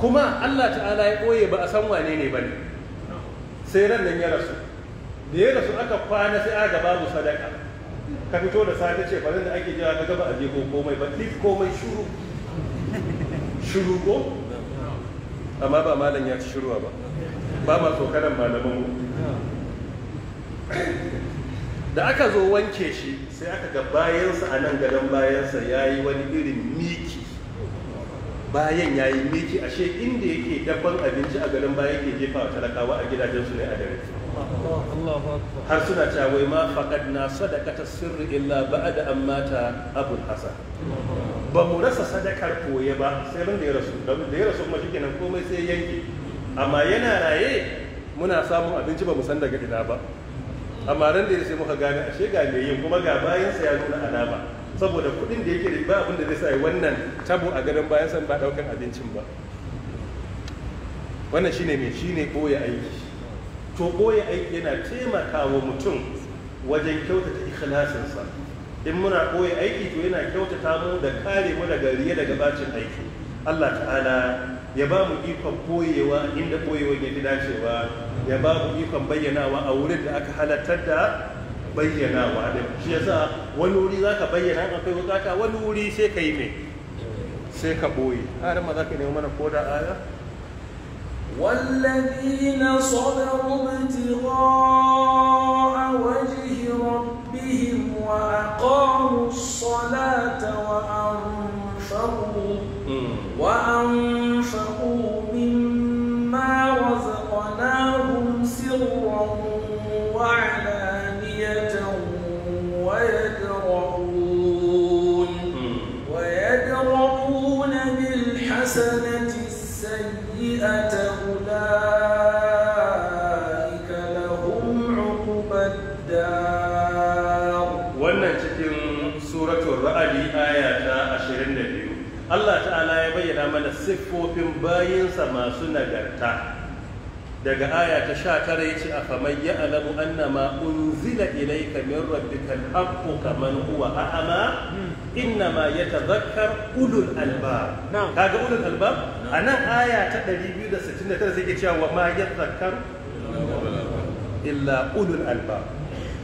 kuma Allah ta'ala ya ɓoye ba a san wane ne ba ne sai ran nan ya rasu da ya rasu aka kwana sai aka babu sadaka ka fito da sata ce farin da ake jira ka gaba a jiko komai ba tif komai shuru shuru ko amma ba malam ya ci shuruwa ba ba ma tsokanan malamanmu da aka zo wanke shi sai aka ga bayansa a nan gadon bayansa ya yi wani irin miki bayan ya yi miki ashe inda yake dabban abinci a gadon baya ke jefa wa talakawa a gidajensu ne a dare har suna cawai ma faƙad na ta sirri illa da an mata abul hasan ba mu rasa sadakar koye ba sai ban da ya rasu da ya rasu kuma shikenan komai sai yanke amma yana raye muna samun abinci ba mu san daga ina ba amma ran da ya sai muka gane ashe ga mai yin kuma ga bayansa ya zo nuna alama saboda kuɗin da yake da ba abin da zai sa wannan tabo a bayan san ba daukar abincin ba wannan shine me shine ɓoye aiki to ɓoye aiki yana taimakawa mutum wajen kyautata sa in muna ɓoye aiki to yana kyautata mu da kare mu daga riya daga bacin aiki Allah ta'ala ya ba mu ikon koyewa inda koyewan ya fi dacewa ya ba mu ikon bayyanawa a wurin da aka halartar da bayyanawa da shi yasa wani wuri za ka bayyana akwai bukata wani wuri sai ka yi mai sai ka ɓoye har ma za ka nemi mana koda aya والذين صبروا ابتغاء وجه ربهم وأقاموا الصلاة وأنفقوا 晚上。siffofin bayinsa masu nagarta daga aya ta sha tara ya ce a faman ya alamu annama unzila ilaika min rabbikal haqqu kaman huwa a'ama ta yatadhakkar ulul albab kaga ulul albab anan aya ta 269 sai ke cewa wa ma yadhakkar illa ulul albab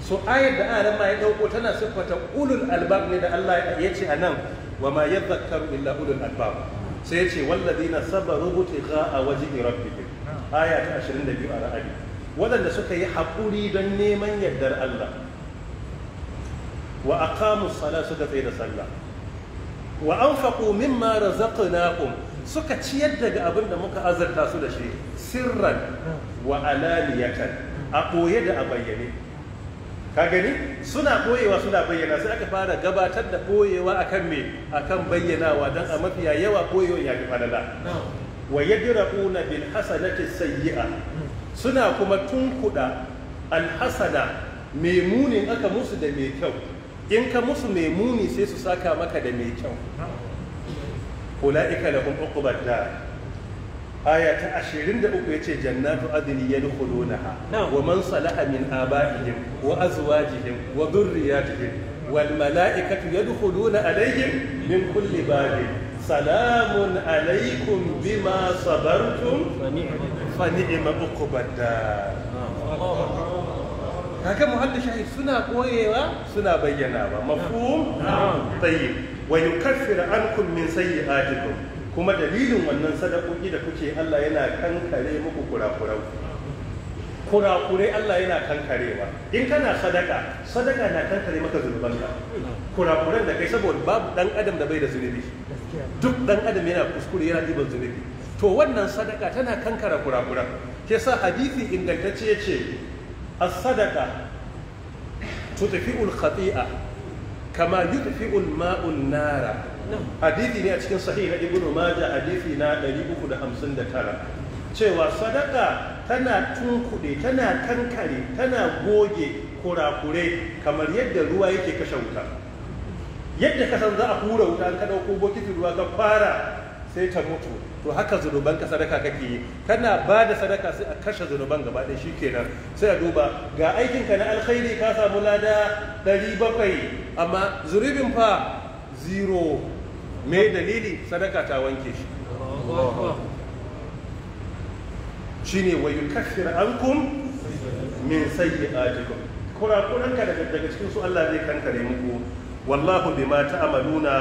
so ayar da aran ma ya dauko tana siffata ulul albab ne da Allah ya ce anan wa ma yadhakkaru illa ulul albab sai ya ce walladina sabaru butiqa a waje rabbihim aya ta 22 a ra'adi waɗanda suka yi haƙuri don neman yardar Allah wa aqamu sala suka tsaye da sallah wa anfaqu mimma razaqnakum suka ciyar daga abin da muka azarta su da shi sirran wa alaniyatan a ɓoye da a bayyane ka gani suna boyewa suna bayyana sai aka fara gabatar da boyewa akan me akan bayyanawa dan a mafiya yawa boyewa ya fi falala wa yadra'una bil hasanati sayyi'a suna kuma tunkuda al hasana mai aka musu da mai kyau in ka musu mai muni sai su saka maka da mai kyau ula'ika lahum uqubad da. aya ta 23 yace jannatu adni yadkhulunaha wa man salaha min abaihim wa azwajihim wa dhurriyyatihim wal malaikatu yadkhuluna alaihim min kulli babin salamun alaikum bima sabartum fa ni'ma uqbad kaga muhallu suna koyewa suna bayyana ba mafhum tayyib wa yukaffiru ankum min sayyi'atikum kuma dalilin wannan sadakoki da kuke Allah yana kankare muku kurakurau kurakurai Allah yana kankarewa in kana sadaka sadaka na kankare maka zunubanka kurakuran da kai saboda babu dan adam da bai da zunubi duk dan adam yana kuskure yana ɗiban zunubi to wannan sadaka tana kankara kurakura ke sa hadithi ingantacce ya ce as-sadaka tudfi'ul khati'a kama yudfi'ul ma'un nara hadithi ne a cikin sahih na ibnu majah hadithi na 359 cewa sadaka tana tunkuɗe tana kankare tana goge kurakure kamar yadda ruwa yake kashe wuta yadda ka san za a hura wuta an ka ɗauko bokitin ruwa ka fara sai ta mutu to haka zunuban ka sadaka kake yi kana ba da sadaka sai a kashe zunuban gaba ɗaya shikenan sai a duba ga aikinka na alkhairi ka samu lada ɗari bakwai amma zunubin fa zero me dalili sadaka ta wanke shi ne wa yukaffir ankum min sayyi'atikum kurakuran ka daga daga cikin su Allah zai kankare muku wallahu bima ta'maluna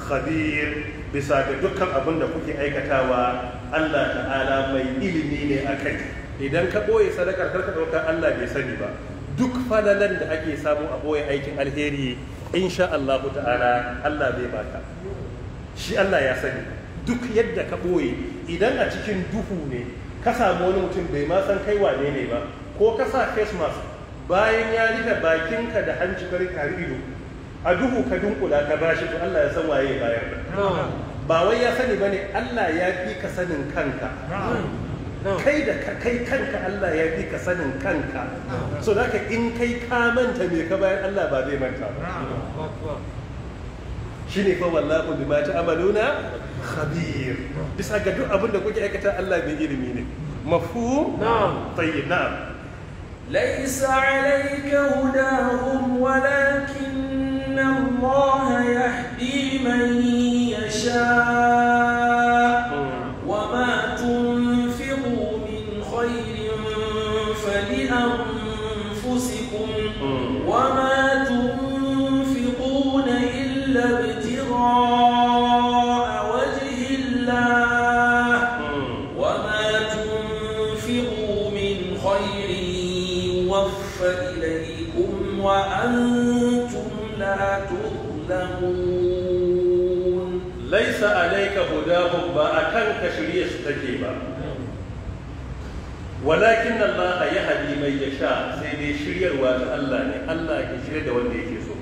khabir bisa ga dukkan abin da kuke aikatawa Allah ta'ala mai ilimi ne a kai idan ka ɓoye sadakar kar ɗauka Allah bai sani ba duk falalan da ake samu a ɓoye aikin alheri insha Allah ta'ala Allah bai baka shi Allah ya sani duk yadda ka ɓoye idan a cikin duhu ne ka samu wani mutum bai ma san kai wane ne ba ko ka sa face mask bayan ya rika bakinka da hanci bari ido a duhu ka dunkula ka bashi to Allah ya san waye bayar ba wai ya sani bane Allah ya fi ka sanin kanka kai da kai kanka Allah ya fi ka sanin kanka so da in kai ka manta me ka bayar Allah ba zai manta ba shine fa wallahu bima ta'maluna khabir bisa ga duk abin da kuke aikata Allah bai ilimi ne mafhum na'am tayyib na'am laysa alayka hudahum walakin الله يهدي من يشاء kanka shirye su take ba walakin Allah a hadi mai ya sha sai dai shiryarwa ta Allah ne Allah ke shirya da wanda yake so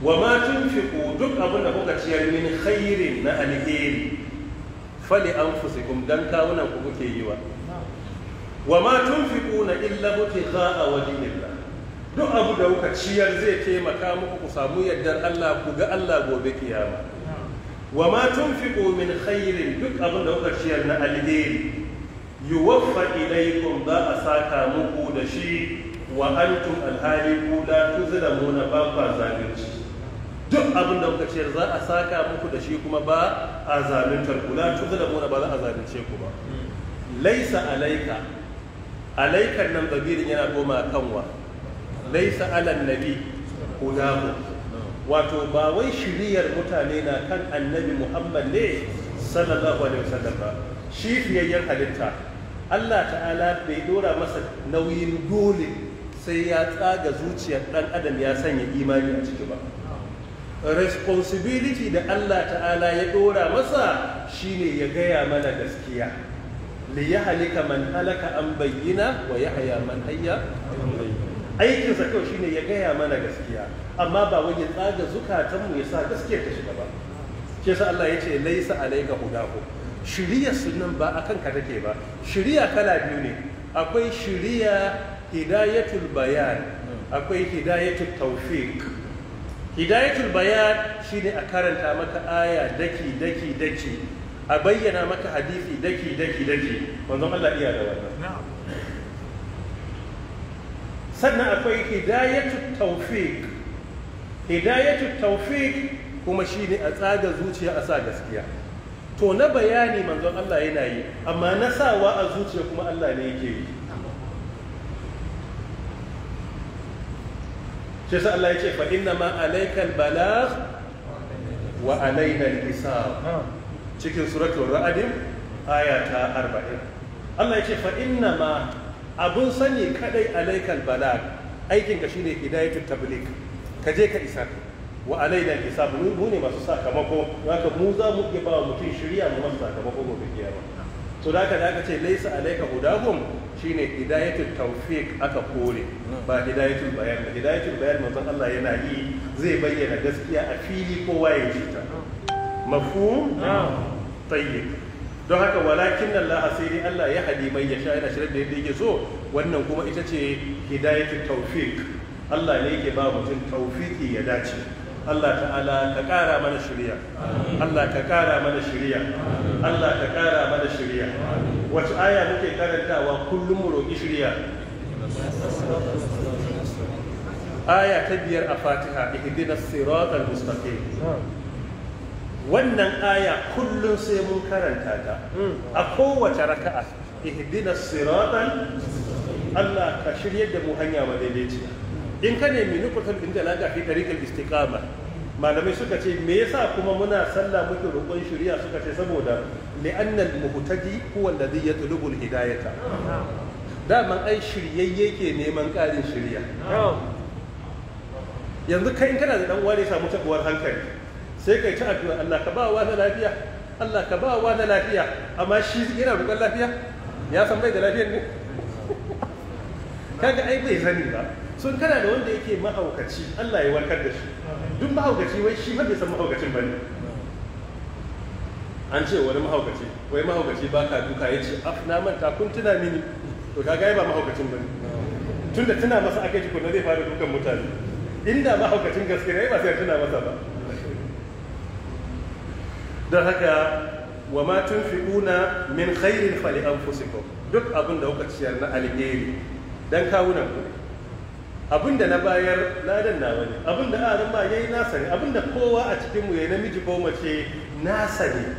wa ma tunfiqu duk abin da kuka ciyar min khairin na alheri fali anfusikum dan kawunan ku kuke yi wa wa ma tunfiquna illa butigha'a wajhillah duk abu da kuka ciyar zai taimaka muku ku samu yaddar Allah ku ga Allah gobe kiyama wa ma fi min khairin duk abin da kuka ciyar na alheri yuwaffa ilaikun za a saka muku da shi wa antum alhali ku zina muna ba ku zalunci duk abin da kuka ciyar za a saka muku da shi kuma ba a zaluntar ku zina muna ba za a zalunce ku ba laisa alaika alaikan nan babirin yana koma kanwa laisa alan nabi hudahu wato ba wai shiriyar mutane na kan annabi muhammad ne sallallahu alaihi wasallam ba shi fiyayyen halitta allah ta'ala bai dora masa nauyin dole sai ya tsaga zuciyar dan adam ya sanya imani a ciki ba responsibility da allah ta'ala ya dora masa shine ya gaya mana gaskiya liya halika man halaka an bayyana wa yahaya man hayya aikinsa kawai shine ya gaya mana gaskiya amma ba wani tsaga zukatanmu ya sa gaskiya ta shiga ba shi yasa Allah ya ce laisa alayka hudahu shiriya sunan ba akan ka take ba shiriya kala biyu ne akwai shiriya hidayatul bayan akwai hidayatul tawfiq hidayatul bayan shine a karanta maka aya daki daki daki a bayyana maka hadisi daki daki daki wannan Allah iya da wannan sannan akwai hidayatu tawfiq hidayatu tawfiq kuma shine a tsaga zuciya a sa gaskiya to na bayani manzon Allah yana yi amma na sawa a zuciya kuma Allah ne yake yi shi sa Allah ya ce fa inna ma alaikal balagh wa alaina al cikin suratul ra'd aya ta 40 Allah ya ce fa inna ma abun sani kadai alaikal balag aikin ka shine hidayatul tabligh ka je ka isa wa alaina hisab mu ne masu sakamako haka mu za mu iya ba mutum shirya mu masa sakamako gobe kiyama to da haka da aka ce laisa alayka hudahum shine hidayatul tawfiq aka kore ba hidayatul bayan ba hidayatul bayan manzon Allah yana yi zai bayyana gaskiya a fili ko waye ji ta mafhum tayyib don haka walakin Allah sai dai Allah ya hadi mai ya sha yana shirin da yadda yake so wannan kuma ita ce hidayatul tawfiq Allah ne yake ba mutum tawfiki ya dace Allah ta'ala ka ƙara mana shirya Allah ka ƙara mana shirya Allah ka ƙara mana shirya wace aya muke karantawa kullum mu roƙi shirya aya ta biyar a fatiha ihdinas siratal mustaqim wannan aya kullum sai mun karanta ta hmm. a kowace raka'a ihdina siratan Allah ka shiryar da mu hanya daidaici in ka nemi nukutar inda laga fi tariqal istiqama malamai suka ce me yasa kuma muna sallah muke roƙon shirya suka ce saboda li'anna al-muhtadi huwa alladhi yatlubu al-hidayata daman ai shiryayye ke neman karin shirya oh. yanzu kai in kana da dan uwa ne samu tabuwar hankali sai kai ci addu'a Allah ka ba wa da lafiya Allah ka ba wa da lafiya amma shi yana roƙon lafiya ya san bai da lafiyar ne <laughs> kaga ai bai sani ba sun kana da wanda yake mahaukaci Allah ya warkar da shi duk mahaukaci wai shi bai san mahaukacin bane an ce wani mahaukaci wai mahaukaci ba ka duka ya ce af na manta kun tuna mini to kaga ba mahaukacin bane tunda tuna masa aka yi tukunna zai fara dukan mutane inda mahaukacin gaskiya ba sai tuna masa ba don haka wa ma una min khairin fali fusiko. duk abin da kuka ciyar na alheri don kawunan ku abin da na bayar ladan na wani. abin da aran ma yayi nasa ne abin da kowa a cikin mu yayi namiji ko mace nasa ne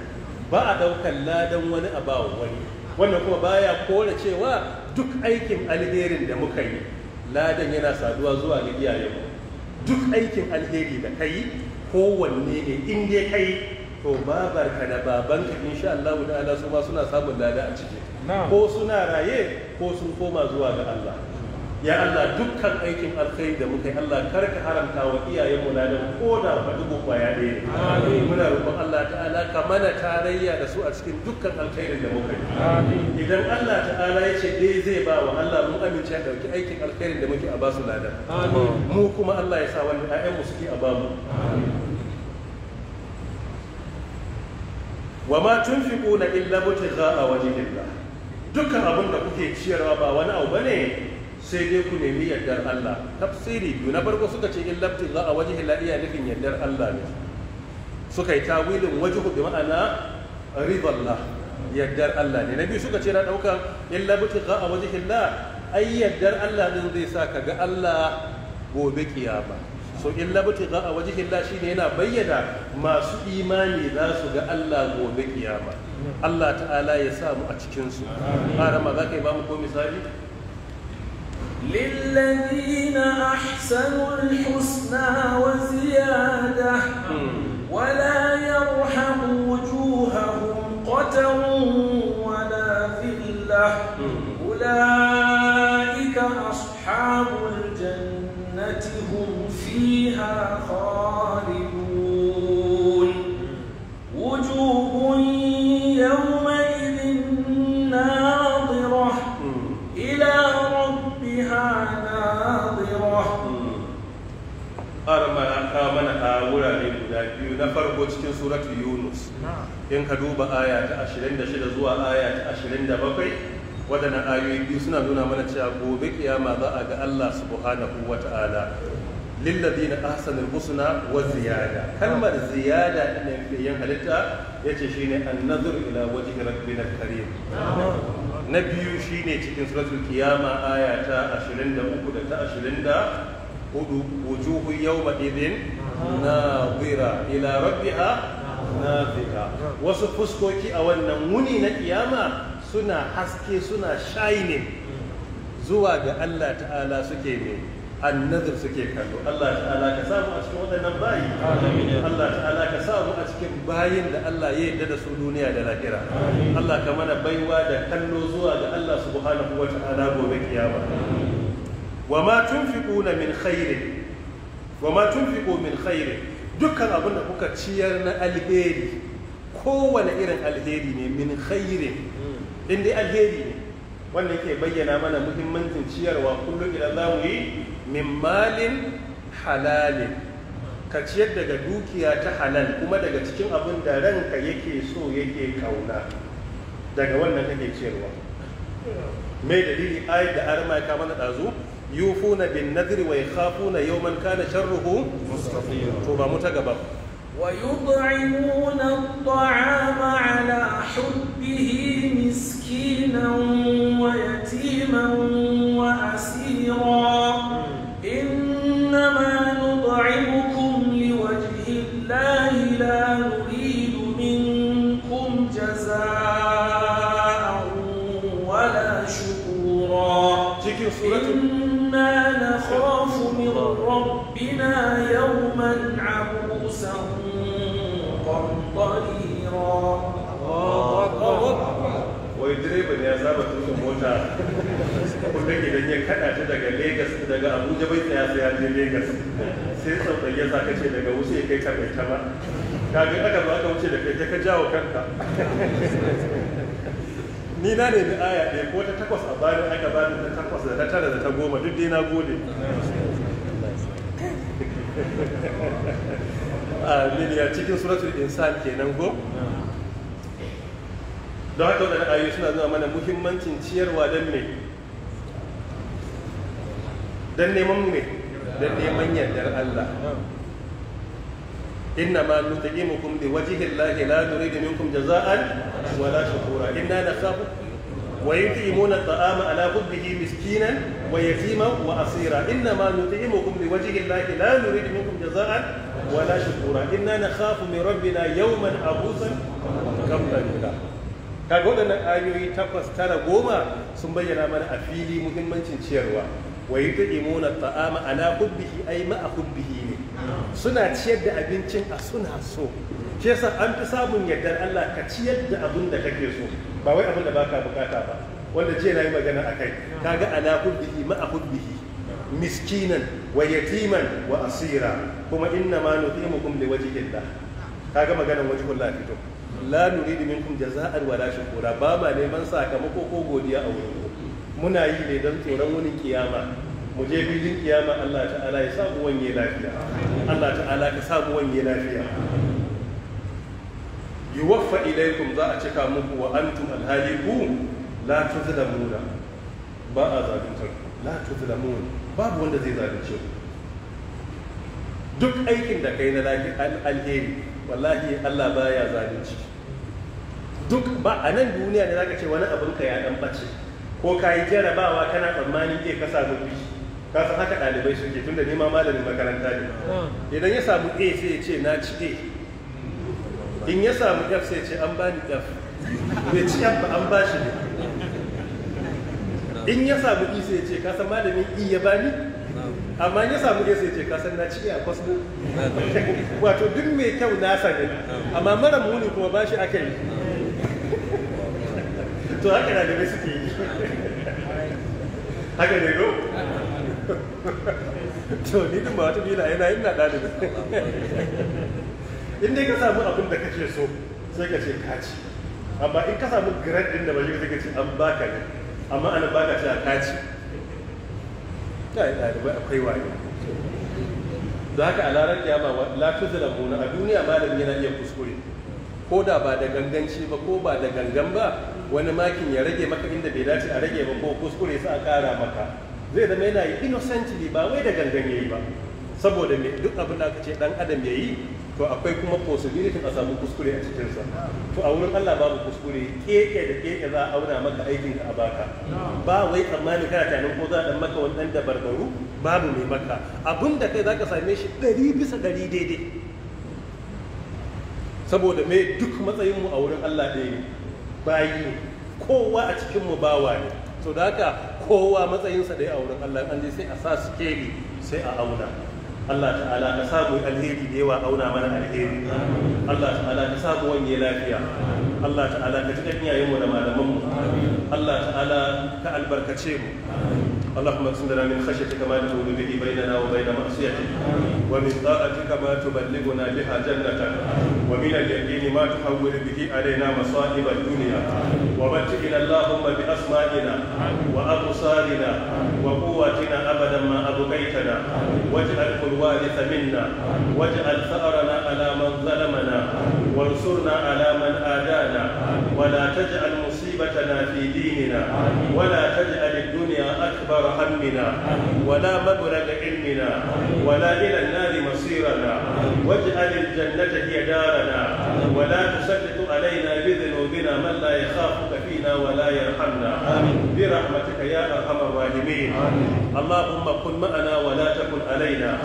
ba a daukan ladan wani a bawa wani wannan kuma baya kora cewa duk aikin alherin da muka yi ladan yana saduwa zuwa ga iyayenmu duk aikin alheri da kai kowanne ne in dai kai to babarka da babanka insha Allah ta'ala su ma suna samun lada a ciki ko suna raye ko sun koma zuwa ga Allah ya Allah dukkan aikin alkhairi da muka yi Allah kar ka haramta wa iyayen mu ladan ko da ba dubu kwaya ne amin muna roƙon Allah ta'ala ka mana tarayya da su a cikin dukkan alkhairin da muka yi idan Allah ta'ala ya ce dai eh, zai ba wa Allah mu amince da dauki aikin alkhairin da muke a basu ladan mu kuma Allah ya sa wani ƴaƴan mu suke a bamu wa ma tunfiquna illa butigha wajhillah dukkan abin da kuke ciyarwa ba wani abu bane sai dai ku nemi yardar Allah tafsiri biyu na farko suka ce illa butigha wajhillah iya nufin yardar Allah ne suka yi tawilin wajhu bi ma'ana ridallah yardar Allah ne na biyu suka ce na dauka illa butigha wajhillah ai yardar Allah din zai sa ka ga Allah gobe kiyama so illa butiqa a wajhi shi ne yana bayyana masu imani za su ga Allah gobe kiyama Allah ta'ala ya samu a cikin su fara ma zaka ba mu ko misali للذين أحسنوا الحسنى وزيادة ولا يرحم وجوههم قتر ولا ذلة أولئك فيها خالدون وجوه يومئذ ناظرة إلى ربها ناظرة arma an kawo mana a wurare guda biyu na farko cikin suratu yunus in ka duba aya ta 26 zuwa aya ta 27 waɗannan ayoyi biyu suna nuna mana cewa gobe kiyama za a ga Allah subhanahu wata'ala lilladina ahsanul husna wa ziyada kalmar ziyada din ne yin halitta yace shine an-nazr ila wajhi rabbina karim na biyu shine cikin suratul qiyama aya ta 23 da ta 24 wujuhu yawma idin nadira ila rabbiha nadira wasu fuskoki a wannan wuni na qiyama suna haske suna shining zuwa ga Allah ta'ala suke ne annazir suke kallo Allah ta'ala ka samu a cikin waɗannan bayi Allah ta'ala ka samu a cikin bayin da Allah ya yarda da su duniya da lahira Allah ka mana baiwa da kallo zuwa ga Allah subhanahu wa ta'ala gobe kiyama wa ma tunfiquna min khairin wa ma tunfiqu min khairin dukkan abin da kuka ciyar na alheri kowane irin alheri ne min khairin mm. in dai alheri ne wannan ke bayyana mana muhimmancin ciyarwa kullum idan za mu yi min malin halalin ka ciyar daga dukiya ta halal kuma daga cikin abin da ranka yake so yake kauna daga wannan kake ciyarwa mai dalili ayat da arma ya kama na ɗazu yufuna bin nadri wa yakhafuna yawman kana sharruhu mustaqim to ba mu ta gaba ويطعمون الطعام على حبه مسكينا ويتيما وأسيرا يجعل رؤوسهم wai direban ya saba tuka mota kuma gidan ta daga Legas daga Abuja bai Legas sai kace daga wuce ba aka wuce kanka ni na aya ɗaya ko ta takwas a bayan aka bani ta takwas da ta tara da ta goma duk dai na gode amin <laughs> ya cikin suratul insan kenan ko don haka wadannan ayoyi suna zuwa mana muhimmancin ciyarwa don me don neman me don neman yardar Allah inna ma nutaqimukum li wajhi Allah la nuridu minkum jaza'an wala shukura inna nakhafu wa yutimuna at-ta'ama ala hubbihi miskinan ويتيما وأسيرا إنما نطعمكم لوجه الله لا نريد منكم جزاء ولا شكورا yau نخاف من ربنا يوما عبوسا قمطريرا kaga waɗannan ayoyi takwas tara goma sun bayyana mana a fili muhimmancin ciyarwa wa yi tuɗi muna ta'ama ala kubbihi ai ma'a hubbihi ne suna ciyar da abincin a suna so shi yasa an fi samun yardar Allah ka ciyar da abin da kake so ba wai abin da baka bukata ba wanda ce na yi magana a kai ta ga ala ma ma'a hubbihi miskinan wa yatiman wa asira kuma inna ma waje liwajhillah ta ga maganar wajhullah fito la nuridu minkum jaza'an wala shukura ba ma neman sakamako ko godiya a wurin muna yi ne don tsoron wani kiyama mu je filin kiyama Allah ta'ala ya samu wanye lafiya Allah ta'ala ka samu wanye lafiya yuwaffa ilaikum za a cika muku wa antum alhaliku la tuzlamuna ba a zaluntar la tuzlamun babu wanda zai zalunce ku duk aikin da kai na alheri wallahi Allah baya zalunci duk ba a nan duniya ne zaka ce wani abin ka ya dan bace ko ka yi jarabawa kana tsammanin ke ka samu kuɗi. ka san haka ɗalibai suke tunda ni ma malamin makaranta ne idan ya samu A sai ya ce na ci A in ya samu F sai ya ce an bani F bai ci F ba an ba shi ne in ya samu isa ya ce ka malamin i ya bani amma ya samu ya ce ka na ciki a kwasbo wato duk mai kyau na sani amma mara muni kuma ba shi aka yi to haka na gaba suke yi haka ne go to ni din ba wata bila yana yin na ɗalibin in dai ka samu abin da kake so sai ka ce ka ci amma in ka samu grade din da ba zai ka ce an baka ne amma ana ba ka cewa kaci ci da ɗalibai akwai wayo da haka a ranar kiyama la muna a duniya malam yana iya kuskure ko da ba da ganganci ba ko ba da gangan ba wani makin ya rage maka inda bai dace a rage ba ko kuskure sa a kara maka zai zama yana yi innocently ba wai da gangan ya yi ba saboda me duk abin da aka ce dan adam ya yi. to akwai kuma possibility a samu kuskure a cikinsa to a wurin Allah babu kuskure keke da keke za a auna maka aikin ka a baka ba wai tsammani kana tunanin ko za a dan maka wannan da barbaru babu mai maka abun da kai zaka same shi ɗari bisa ɗari daidai saboda me duk matsayin mu a wurin Allah ɗaya ne bayi ne kowa a cikin mu bawa ne to da haka kowa matsayinsa ɗaya a wurin Allah an je sai a sa sikeli sai a auna Allah ta'ala ka samu alheri da yawa auna mana alheri Allah ta'ala ka samu wani lafiya Allah ta'ala ka ji iyayenmu da malamanmu Allah ta'ala ka albarkace mu اللهم اكسنا من خشيتك ما تحول به بيننا وبين معصيتك ومن طاعتك ما تبلغنا بها جنتك ومن اليقين ما تحول به علينا مصائب الدنيا ومتئنا اللهم باسمائنا وابصارنا وقواتنا ابدا ما ابقيتنا واجعله الوارث منا واجعل ثارنا على من ظلمنا وانصرنا على من آدانا ولا تجعل مصيبتنا في ديننا ولا تجعل مكبر همنا ولا مبلغ علمنا ولا إلى النار مصيرنا واجعل الجنة هي دارنا ولا تسلط علينا بذنوبنا من لا يخافك فينا ولا يرحمنا برحمتك يا أرحم الراحمين اللهم كن معنا ولا تكن علينا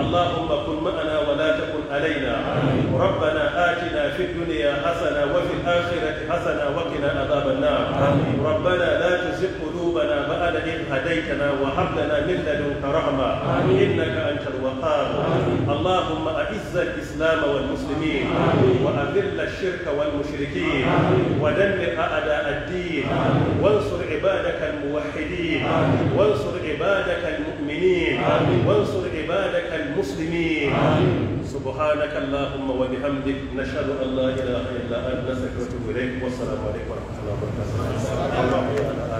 اللهم كن معنا ولا تكن علينا ربنا آتنا في الدنيا حسنة وفي الآخرة حسنة وقنا عذاب النار ربنا لا تزغ ذنوبنا بعد إذ هديتنا وهب لنا من لدنك رحمة إنك أنت الوهاب اللهم أعز الإسلام والمسلمين وأذل الشرك والمشركين ودمر أعداء الدين وانصر عبادك الموحدين وانصر عبادك المؤمنين وانصر عبادك المسلمين سبحانك اللهم وبحمدك نشهد أن لا إله إلا أنت نستغفرك ونتوب إليك والسلام عليكم ورحمة الله وبركاته